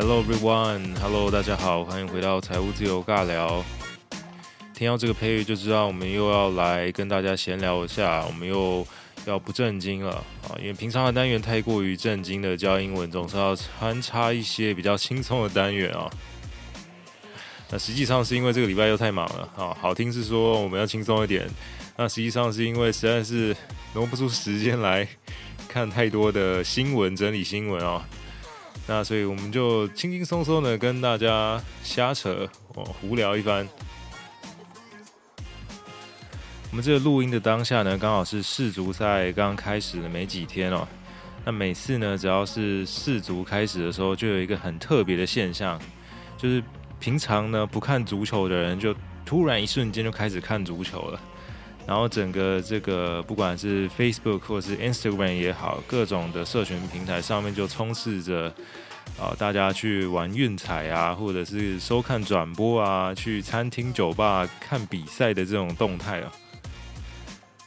Hello everyone, Hello，大家好，歡迎回到財務自由尬聊。聽到這個配樂就知道，我們又要來跟大家閒聊一下，我們又要不正經了啊！因為平常的單元太過於正經的教英文，總是要穿插一些比較輕鬆的單元啊。那實際上是因為這個禮拜又太忙了啊。好聽是說我們要輕鬆一點，那實際上是因為實在是挪不出時間來看太多的新聞，整理新聞啊。那所以我們就輕輕鬆鬆的跟大家瞎扯哦，胡聊一番。 我們這個錄音的當下呢，剛好是世足賽剛開始的沒幾天哦。那每次呢，只要是世足開始的時候，就有一個很特別的現象，就是平常呢不看足球的人，就突然一瞬間就開始看足球了。然後整個這個不管是 Facebook 或是 Instagram 也好，各種的社群平台上面就充斥着啊，大家去玩運彩啊，或者是收看轉播啊，去餐廳酒吧看比賽的這種動態啊。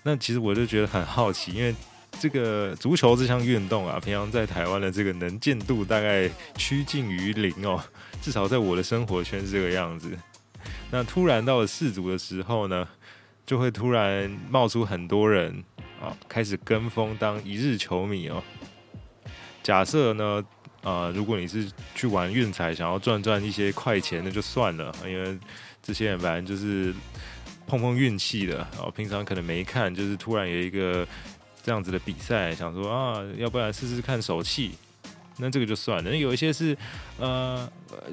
那其實我就覺得很好奇，因為這個足球這項運動啊，平常在台灣的這個能見度大概趨近於零哦，至少在我的生活圈是這個樣子。那突然到了世足的時候呢，就會突然冒出很多人啊，哦，開始跟風當一日球迷哦。假設呢，啊，呃，如果你是去玩運彩，想要賺賺一些快錢，那就算了，因為這些人反正就是碰碰運氣的啊，哦。平常可能沒看，就是突然有一個這樣子的比賽，想說啊，要不然試試看手氣。那這個就算了，有一些是，呃，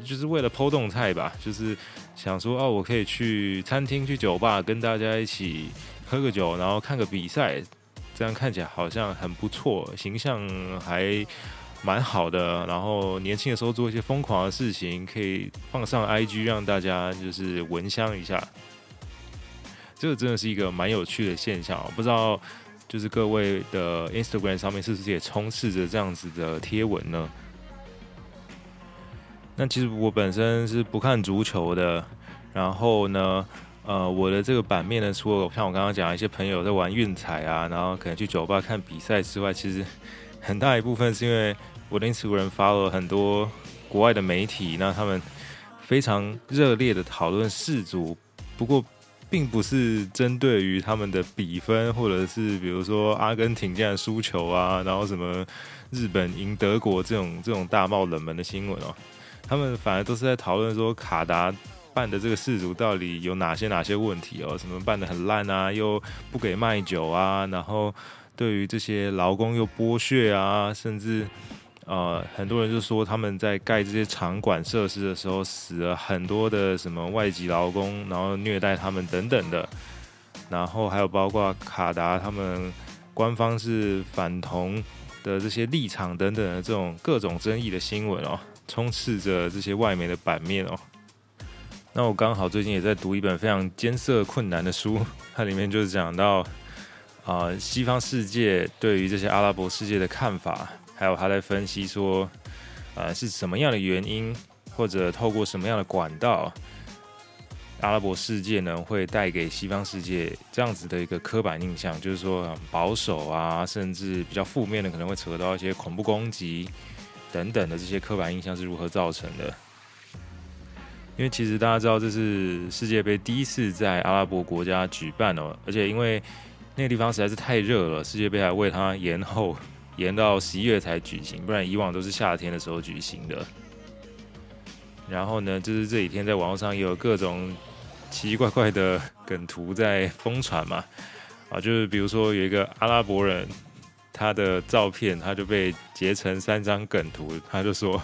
就是為了 PO 動態吧，就是想說，哦、啊，我可以去餐廳、去酒吧，跟大家一起喝個酒，然後看個比賽，這樣看起來好像很不錯，形象還蠻好的。然後年輕的時候做一些瘋狂的事情，可以放上 IG 讓大家就是聞香一下，這個真的是一個蠻有趣的現象，不知道。就是各位的 Instagram 上面是不是也充斥着這樣子的貼文呢？那其實我本身是不看足球的，然後呢，呃，我的這個版面呢，除了像我剛剛講一些朋友在玩運彩啊，然後可能去酒吧看比賽之外，其實很大一部分是因為我的 Instagram 發了很多國外的媒體，那他們非常熱烈的討論世足，不過，並不是針對於他們的比分，或者是比如說阿根廷這樣輸球啊，然後什麼日本贏德國這種這種大冒冷門的新聞哦，他們反而都是在討論說卡達辦的這個世足到底有哪些哪些問題哦，什麼辦得很爛啊，又不給賣酒啊，然後對於這些勞工又剝削啊，甚至。呃，很多人就說他們在蓋這些場館設施的時候死了很多的什麼外籍勞工，然後虐待他們等等的，然後還有包括卡達他們官方是反同的這些立場等等的這種各種爭議的新聞哦，充斥着這些外媒的版面哦。那我剛好最近也在讀一本非常艱澀困難的書，它裡面就是講到啊，呃，西方世界對於這些阿拉伯世界的看法。還有他在分析說，呃，是什麼樣的原因，或者透過什麼樣的管道，阿拉伯世界呢會帶給西方世界這樣子的一個刻板印象，就是說保守啊，甚至比較負面的，可能會扯到一些恐怖攻擊等等的這些刻板印象是如何造成的？因為其實大家知道，這是世界杯第一次在阿拉伯國家舉辦哦，而且因為那個地方實在是太熱了，世界杯還為它延後。延到十一月才舉行，不然以往都是夏天的時候舉行的。然後呢，就是這幾天在網絡上也有各種奇奇怪怪的梗圖在瘋傳嘛，啊，就是比如說有一個阿拉伯人，他的照片他就被截成三張梗圖，他就說，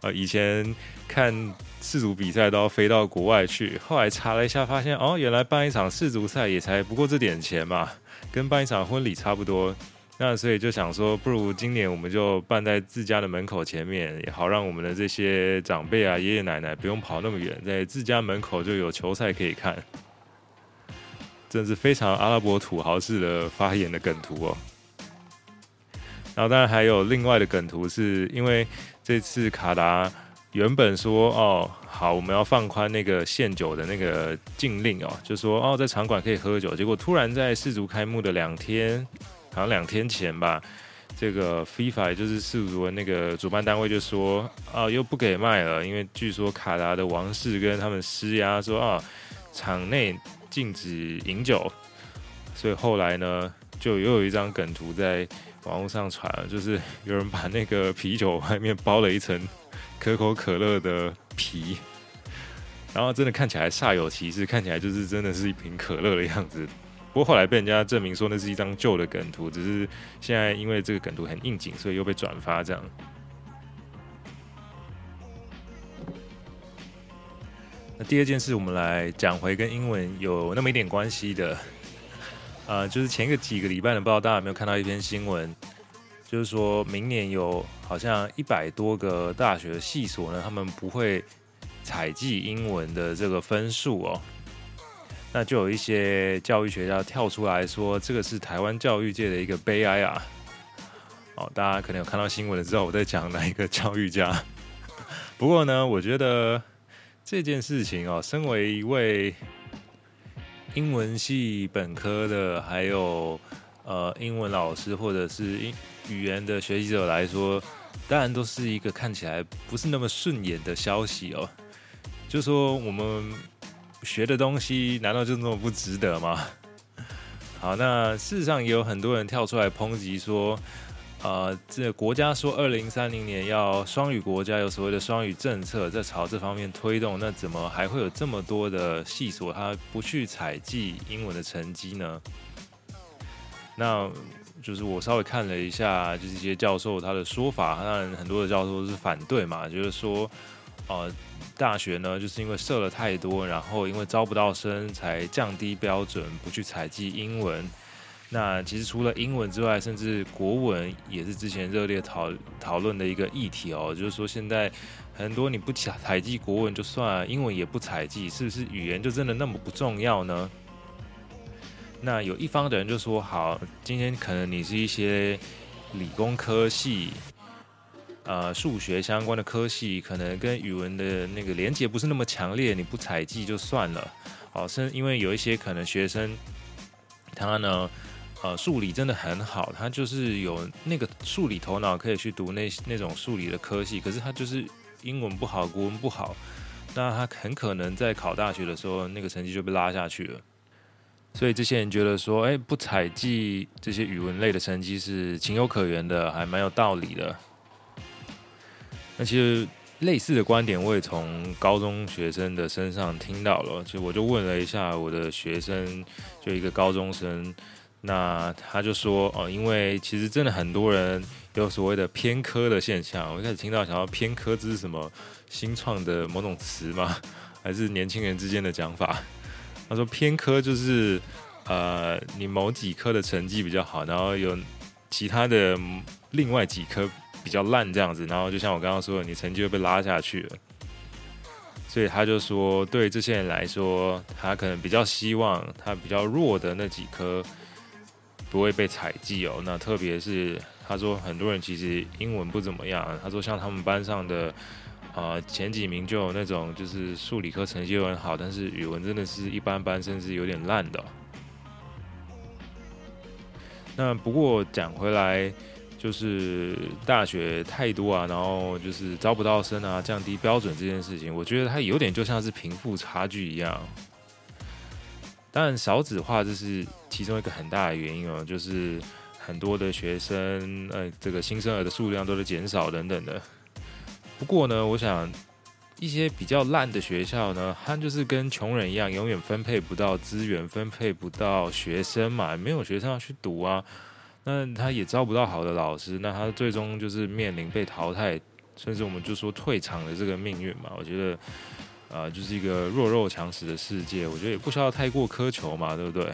啊，以前看世足比賽都要飛到國外去，後來查了一下發現，哦，原來辦一場世足賽也才不過這點錢嘛，跟辦一場婚禮差不多。那所以就想說，不如今年我們就辦在自家的門口前面，也好讓我們的這些長輩啊、爺爺奶奶不用跑那麼遠，在自家門口就有球賽可以看，真是非常阿拉伯土豪式的發言的梗圖哦、喔。然後當然還有另外的梗圖，是因為這次卡達原本說哦好，我們要放寬那個限酒的那個禁令哦、喔，就說哦在場館可以喝酒，結果突然在世足開幕的兩天。好像兩天前吧，這個 FIFA 就是世足那個主辦單位就說啊、哦，又不給賣了，因為據說卡達的王室跟他們施壓說啊、哦，場內禁止飲酒，所以後來呢，就又有一張梗圖在網絡上傳了，就是有人把那個啤酒外面包了一層可口可樂的皮，然後真的看起來煞有其事，看起來就是真的是一瓶可樂的樣子。不過後來被人家證明說那是一張舊的梗圖，只是現在因為這個梗圖很應景，所以又被轉發這樣。那第二件事，我們來講回跟英文有那麼一點關係的，啊、呃。就是前個幾個禮拜呢，不知道大家有沒有看到一篇新聞，就是說明年有好像一百多個大學的系所呢，他們不會採計英文的這個分數哦。那就有一些教育學家跳出來說，這個是台灣教育界的一個悲哀啊！哦，大家可能有看到新聞了，知道我在講哪一個教育家。不過呢，我覺得這件事情哦，身為一位英文系本科的，還有呃英文老師或者是英語言的學習者來說，當然都是一個看起來不是那麼順眼的消息哦。就說我們。學的東西難道就那麼不值得嗎？好，那事實上也有很多人跳出來抨擊說，啊、呃，這個、國家說二零三零年要雙語國家，有所謂的雙語政策在朝這方面推動，那怎麼還會有這麼多的系所，他不去採計英文的成績呢？那就是我稍微看了一下，就是一些教授他的說法，當然很多的教授都是反對嘛，就是說，啊、呃。大學呢，就是因為設了太多，然後因為招不到生，才降低標準，不去採計英文。那其實除了英文之外，甚至國文也是之前熱烈討討論的一個議題哦。就是說，現在很多你不採採計國文就算了，英文也不採計，是不是語言就真的那麼不重要呢？那有一方的人就說：好，今天可能你是一些理工科系。呃，數學相關的科系可能跟語文的那個連結不是那麼強烈，你不採計就算了。哦、呃，是因為有一些可能學生他呢，呃，數理真的很好，他就是有那個數理頭腦可以去讀那那種數理的科系，可是他就是英文不好，國文不好，那他很可能在考大學的時候那個成績就被拉下去了。所以這些人覺得說，哎、欸，不採計這些語文類的成績是情有可原的，還蠻有道理的。那其實類似的觀點我也從高中學生的身上聽到了，其實我就問了一下我的學生，就一個高中生，那他就說哦，因為其實真的很多人有所謂的偏科的現象。我一開始聽到想要偏科這是什麼新創的某種詞嗎？還是年輕人之間的講法？他說偏科就是呃，你某幾科的成績比較好，然後有其他的另外幾科。比較爛這樣子，然後就像我剛剛說的，你成績又被拉下去了，所以他就說，對這些人來說，他可能比較希望他比較弱的那幾科不會被採計哦、喔。那特別是他說，很多人其實英文不怎麼樣、啊。他說，像他們班上的啊、呃、前幾名就有那種就是數理科成績很好，但是語文真的是一般般，甚至有點爛的、喔。那不過講回來。就是大學太多啊，然後就是招不到生啊，降低標準這件事情，我覺得它有點就像是貧富差距一樣。當然少子化這是其中一個很大的原因哦，啊，就是很多的學生，呃，這個新生兒的數量都在減少等等的。不過呢，我想一些比較爛的學校呢，它就是跟窮人一樣，永遠分配不到資源，分配不到學生嘛，沒有學生要去讀啊。那他也招不到好的老師，那他最終就是面臨被淘汰，甚至我們就說退場的這個命運嘛。我覺得，呃，就是一個弱肉強食的世界。我覺得也不需要太過苛求嘛，對不對？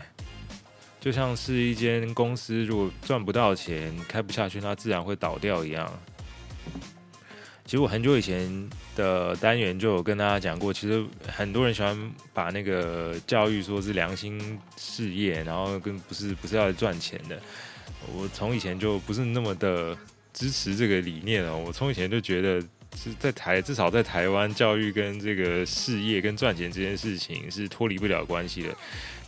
就像是一間公司如果賺不到錢，開不下去，它自然會倒掉一樣。其實我很久以前的單元就有跟大家講過，其實很多人喜歡把那個教育說是良心事業，然後跟不是不是要賺錢的。我從以前就不是那麼的支持這個理念了。哦，我從以前就覺得。是在台至少在台灣，教育跟這個事業跟賺錢這件事情是脫離不了關係的。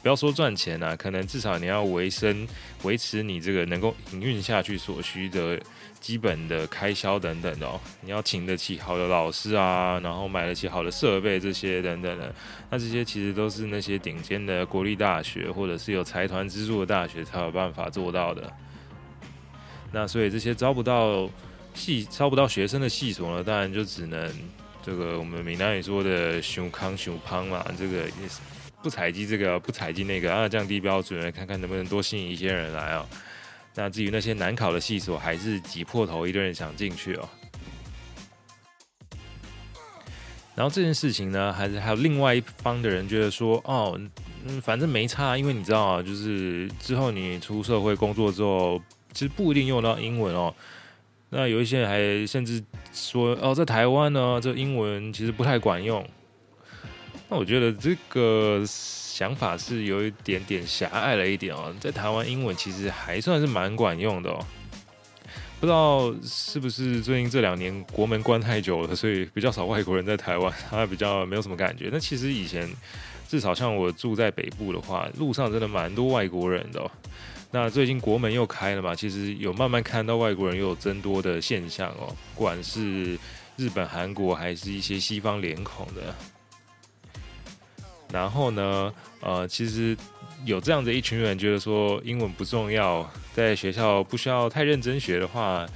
不要說賺錢啊，可能至少你要維生、維持你這個能夠營運下去所需的、基本的開銷等等哦、喔。你要請得起好的老師啊，然後買得起好的設備這些等等的。那這些其實都是那些頂尖的國立大學或者是有財團資助的大學才有辦法做到的。那所以這些招不到。系招不到學生的系所呢，當然就只能這個我們閩南語說的“熊康熊胖”嘛，這個不採計這個，不採計那個啊，降低標準，看看能不能多吸引一些人來啊、哦。那至於那些難考的系所，還是擠破頭一堆人想進去哦。然後這件事情呢，還是還有另外一方的人覺得說，哦，嗯，反正沒差，因為你知道啊，就是之後你出社會工作之後，其實不一定用到英文哦。那有一些人還甚至說哦，在台灣呢，這英文其實不太管用。那我覺得這個想法是有一點點狹隘了一點哦，在台灣英文其實還算是蠻管用的哦。不知道是不是最近這兩年國門關太久了，所以比較少外國人在台灣，他、啊、比較沒有什麼感覺。那其實以前至少像我住在北部的話，路上真的蠻多外國人的哦。那最近國門又開了嘛，其實有慢慢看到外國人又有增多的現象哦，不管是日本、韓國，還是一些西方臉孔的。然後呢，呃，其實有這樣的一群人覺得說英文不重要，在學校不需要太認真學的話，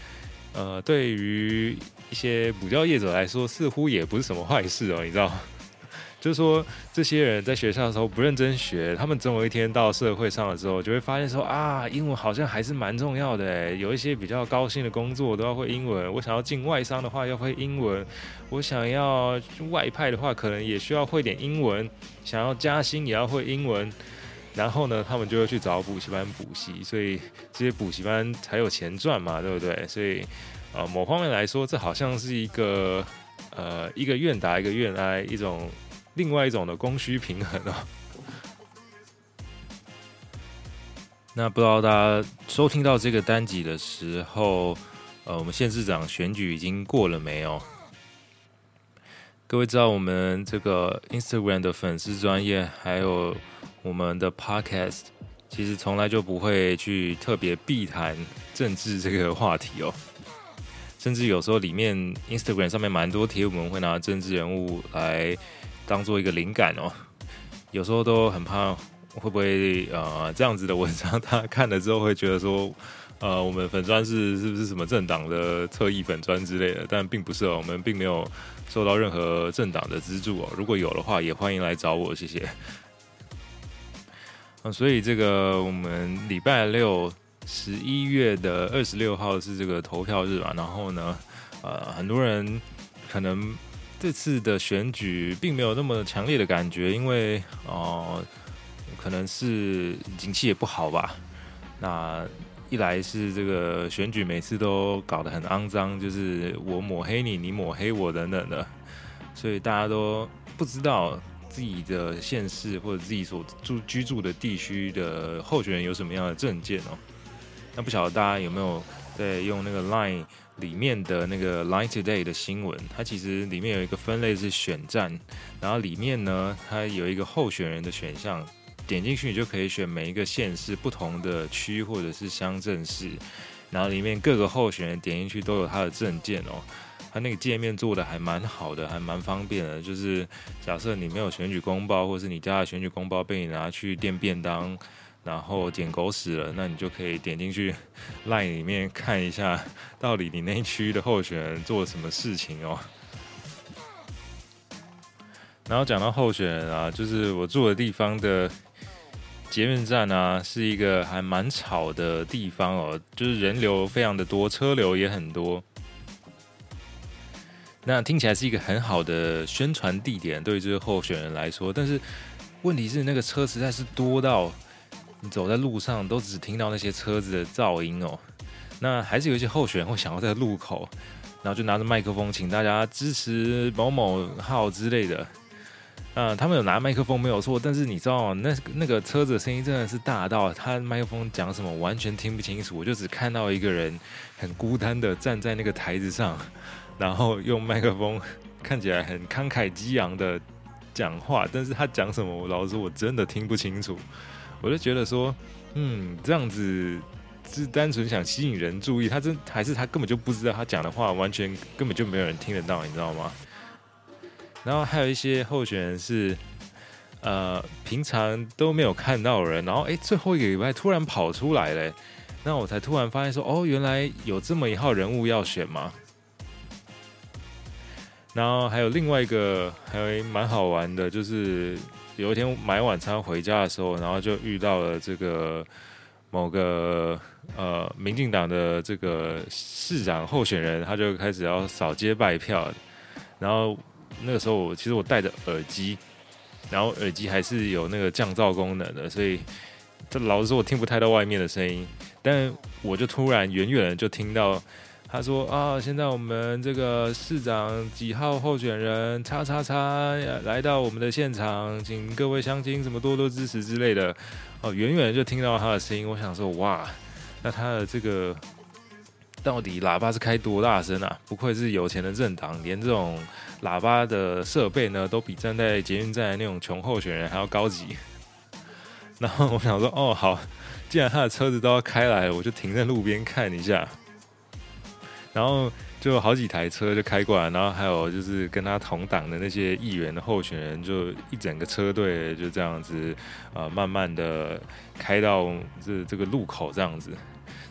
呃，對於一些補教業者來說，似乎也不是什麼壞事哦，你知道。就是說，這些人在學校的時候不認真學，他們總有一天到社會上了之後，就會發現說啊，英文好像還是蠻重要的。有一些比較高薪的工作都要會英文，我想要進外商的話要會英文，我想要去外派的話可能也需要會點英文，想要加薪也要會英文。然後呢，他們就會去找補習班補習，所以這些補習班才有錢賺嘛，對不對？所以，呃，某方面來說，這好像是一個呃一個願打一個願挨一種另外一種的供需平衡啊、哦， 那不知道大家收聽到這個單集的時候，呃，我們縣市長選舉已經過了沒有？各位知道我們這個 Instagram 的粉絲專頁，還有我們的 Podcast，其實從來就不會去特別避談政治這個話題哦。甚至有時候裡面 Instagram 上面蠻多帖，我們會拿政治人物來。當做一個靈感哦、喔，有時候都很怕會不會啊、呃？這樣子的文章，大家看了之後會覺得說，呃，我們粉專是是不是什麼政黨的側翼粉專之類的？但並不是哦、喔，我們並沒有受到任何政黨的資助哦、喔。如果有的話，也歡迎來找我，謝謝。呃、所以這個我們禮拜六十一月的二十六號是這個投票日嘛？然後呢，呃，很多人可能。這次的選舉並沒有那麼強烈的感覺，因為哦、呃，可能是景氣也不好吧。那一來是這個選舉每次都搞得很骯髒，就是我抹黑你，你抹黑我等等的，所以大家都不知道自己的縣市或者自己所住居住的地區的候選人有什麼樣的政見哦。那不曉得大家有沒有？對，用那個 Line 裡面的那個 Line Today 的新聞，它其實裡面有一個分類是選戰，然後裡面呢，它有一個候選人的選項，點進去你就可以選每一個縣市不同的區或者是鄉鎮市，然後裡面各個候選人點進去都有他的政見哦，它那個界面做得還蠻好的，還蠻方便的，就是假設你沒有選舉公報，或是你家的選舉公報被你拿去墊便當。然後撿狗屎了，那你就可以點進去，LINE 裡面看一下，到底你那區的候選人做了什麼事情哦。然後講到候選人啊，就是我住的地方的捷運站啊，是一個還蠻吵的地方哦，就是人流非常的多，車流也很多。那聽起來是一個很好的宣傳地點，對於這些候選人來說，但是問題是那個車實在是多到。走在路上都只聽到那些車子的噪音哦、喔，那還是有一些候選人會想要在路口，然後就拿着麥克風，請大家支持某某號之類的。呃，他們有拿麥克風沒有錯，但是你知道喔，那那個車子的聲音真的是大到他麥克風講什麼完全聽不清楚，我就只看到一個人很孤單的站在那個台子上，然後用麥克風看起來很慷慨激昂的講話，但是他講什麼，我老實說我真的聽不清楚。我就覺得說，嗯，這樣子是單純想吸引人注意，他真還是他根本就不知道，他講的話完全根本就沒有人聽得到，你知道嗎？然後還有一些候選人是，呃，平常都沒有看到人，然後哎、欸，最後一個禮拜突然跑出來了、欸，那我才突然發現說，哦，原來有這麼一號人物要選嗎？然後還有另外一個，還蠻好玩的，就是。有一天買晚餐回家的時候，然後就遇到了這個某個呃民進黨的這個市長候選人，他就開始要掃街拜票。然後那個時候我，我其實我戴着耳機，然後耳機還是有那個降噪功能的，所以這老實說我聽不太到外面的聲音。但我就突然遠遠的就聽到。他說：“啊，現在我們這個市長幾號候選人叉叉叉來到我們的現場，請各位鄉親什麼多多支持之類的。”啊，哦，遠遠就聽到他的聲音，我想說：“哇，那他的這個到底喇叭是開多大聲啊？不愧是有錢的政黨，連這種喇叭的設備呢，都比站在捷運站那種窮候選人還要高級。”然後我想說：“哦，好，既然他的車子都要開來，我就停在路邊看一下。”然後就好幾台車就開過來，然後還有就是跟他同黨的那些議員的候選人，就一整個車隊就這樣子，呃，慢慢的開到這這個路口這樣子。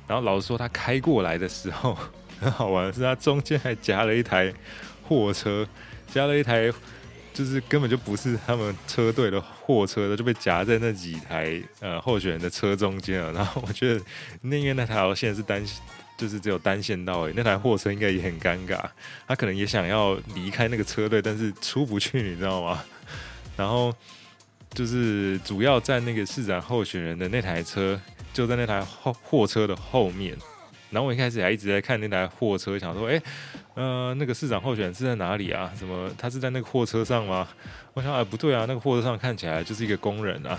然後老實說，他開過來的時候很好玩，是他中間還夾了一台貨車，夾了一台就是根本就不是他們車隊的貨車，他就被夾在那幾台呃候選人的車中間了。然後我覺得寧願那條線是單。就是只有單線道誒，那台貨車應該也很尷尬，他可能也想要離開那個車隊，但是出不去，你知道嗎？然後就是主要在那個市長候選人的那台車就在那台貨貨車的後面，然後我一開始還一直在看那台貨車，想說，欸，呃，那個市長候選人是在哪裡啊？怎麼他是在那個貨車上嗎？我想，欸，不對啊，那個貨車上看起來就是一個工人啊，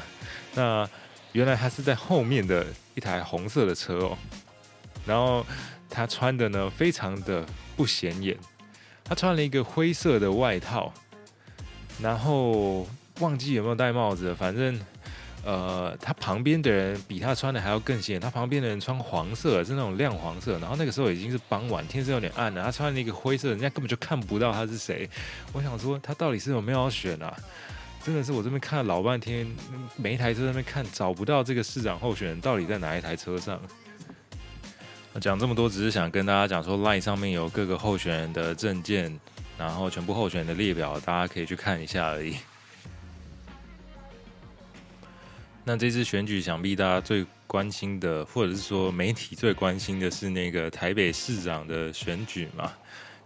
那原來他是在後面的一台紅色的車喔。然後他穿的呢，非常的不顯眼。他穿了一個灰色的外套，然後忘記有沒有戴帽子了。反正，呃，他旁邊的人比他穿的還要更顯眼。他旁邊的人穿黃色，是那種亮黃色。然後那個時候已經是傍晚，天色有點暗了。他穿了一個灰色，人家根本就看不到他是誰。我想說，他到底是有沒有要選啊？真的是我這邊看了老半天，每一台車那邊看，找不到這個市長候選人到底在哪一台車上。講這麼多，只是想跟大家講說，Line 上面有各個候選人的政見，然後全部候選人的列表，大家可以去看一下而已。那這次選舉，想必大家最關心的，或者是說媒體最關心的是那個台北市長的選舉嘛。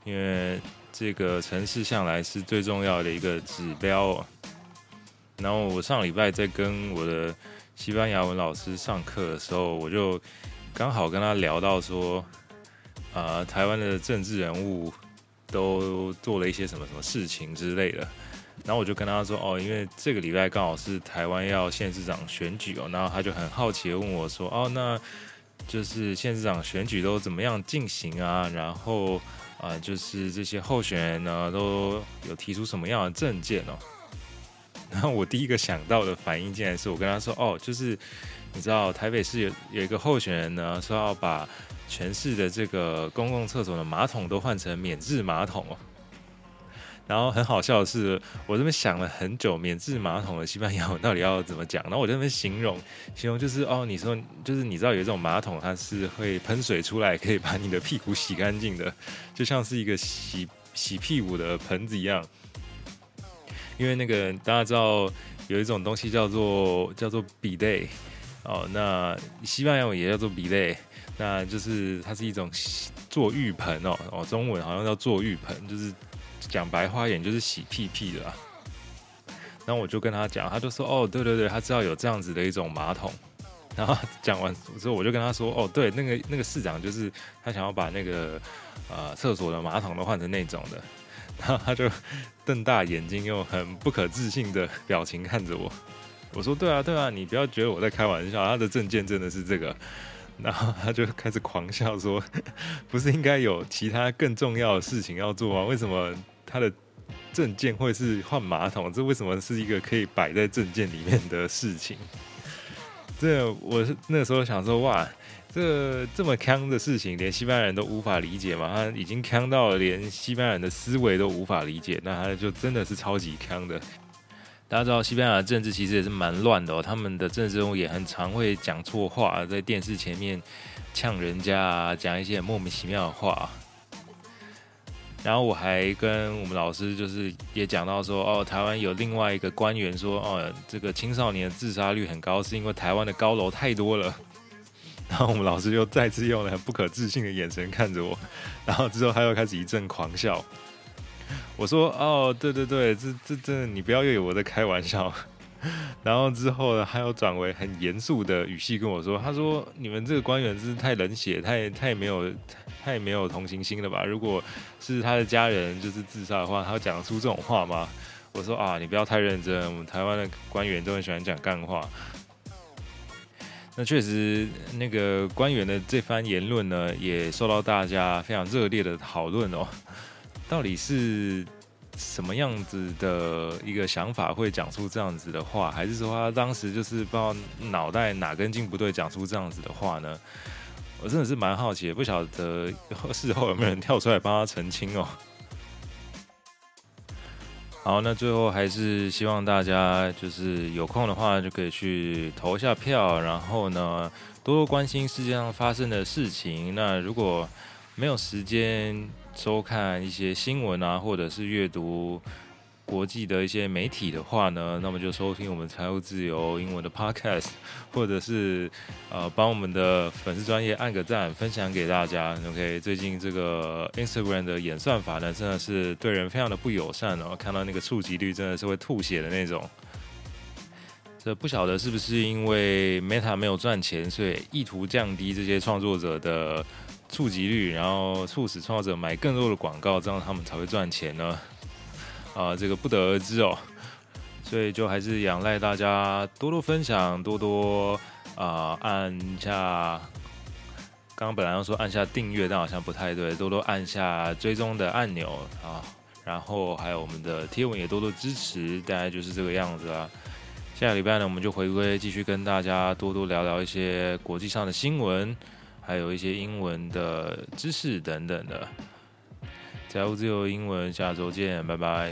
因為這個城市向來是最重要的一個指標。然後我上禮拜在跟我的西班牙文老師上課的時候，我就。剛好跟他聊到說，啊、呃，台灣的政治人物都做了一些什麼什麼事情之類的，然後我就跟他說哦，因為這個禮拜剛好是台灣要縣市長選舉哦，然後他就很好奇地問我說，哦，那就是縣市長選舉都怎麼樣進行啊？然後啊、呃，就是這些候選人呢，都有提出什麼樣的政見哦？然後我第一個想到的反應，竟然是我跟他說：“哦，就是你知道台北市有有一個候選人呢，說要把全市的這個公共廁所的馬桶都換成免治馬桶。”然後很好笑的是，我這邊想了很久，免治馬桶的西班牙文到底要怎麼講。然後我這邊形容形容就是：“哦，你說就是你知道有一種馬桶，它是會噴水出來，可以把你的屁股洗乾淨的，就像是一個洗洗屁股的盆子一樣。”因為那個大家知道有一種東西叫做叫做 bidet 哦，那西班牙語也叫做 bidet，那就是它是一種洗坐浴盆哦、哦，中文好像叫坐浴盆，就是講白話眼，就是洗屁屁的、啊。然後我就跟他講，他就說哦對對對，他知道有這樣子的一種馬桶。然後講完之後，所以我就跟他說哦對，那個那個市長就是他想要把那個、呃、廁所的馬桶都換成那種的。然後他就瞪大眼睛，用很不可置信的表情看着我。我說：“對啊，對啊，你不要覺得我在開玩笑，他的證件真的是這個。”然後他就開始狂笑說：“不是應該有其他更重要的事情要做嗎？為什麼他的證件會是換馬桶？這為什麼是一個可以擺在證件裡面的事情？”這我是那時候想說：“哇。”這這麼坑的事情，連西班牙人都無法理解嗎？他已經坑到了連西班牙人的思維都無法理解，那他就真的是超級坑的。大家知道，西班牙的政治其實也是蠻亂的哦，他們的政治人物也很常會講錯話，在電視前面嗆人家啊，講一些莫名其妙的話。然後我還跟我們老師就是也講到說，哦，台灣有另外一個官員說，哦，這個青少年的自殺率很高，是因為台灣的高樓太多了。然後我們老師又再次用了很不可置信的眼神看着我，然後之後他又開始一陣狂笑。我說：“哦，對對對，這這真的，你不要以為我在開玩笑。”然後之後呢，他又轉為很嚴肅的語氣跟我說：“他說你們這個官員真是太冷血，太太沒有太沒有同情心了吧？如果是他的家人就是自殺的話，他會講得出這種話嗎？”我說：“啊，你不要太認真，我們台灣的官員都很喜歡講幹話。”那確實，那個官員的這番言論呢，也受到大家非常熱烈的討論哦。到底是什麼樣子的一個想法，會講出這樣子的話？還是說他當時就是不知道腦袋哪根筋不對，講出這樣子的話呢？我真的是蠻好奇，也不曉得事後有沒有人跳出來幫他澄清哦。好，那最後還是希望大家就是有空的話就可以去投一下票，然後呢，多多關心世界上發生的事情。那如果沒有時間收看一些新聞啊，或者是閱讀。國際的一些媒體的話呢，那麼就收聽我們財務自由英文的 Podcast，或者是呃幫我們的粉絲專頁按個讚，分享給大家。OK，最近這個 Instagram 的演算法呢，真的是對人非常的不友善哦，看到那個觸及率真的是會吐血的那種。這不曉得是不是因為 Meta 沒有賺錢，所以意圖降低這些創作者的觸及率，然後促使創作者買更多的廣告，這樣他們才會賺錢呢？啊、呃，這個不得而知哦，所以就還是仰賴大家多多分享，多多啊、呃、按下，剛剛本來要說按下訂閱，但好像不太對，多多按下追蹤的按鈕啊，然後還有我們的貼文也多多支持，大概就是這個樣子啊。下個禮拜呢，我們就回歸繼續跟大家多多聊聊一些國際上的新聞，還有一些英文的知識等等的。財務自由英文，下周見，拜拜。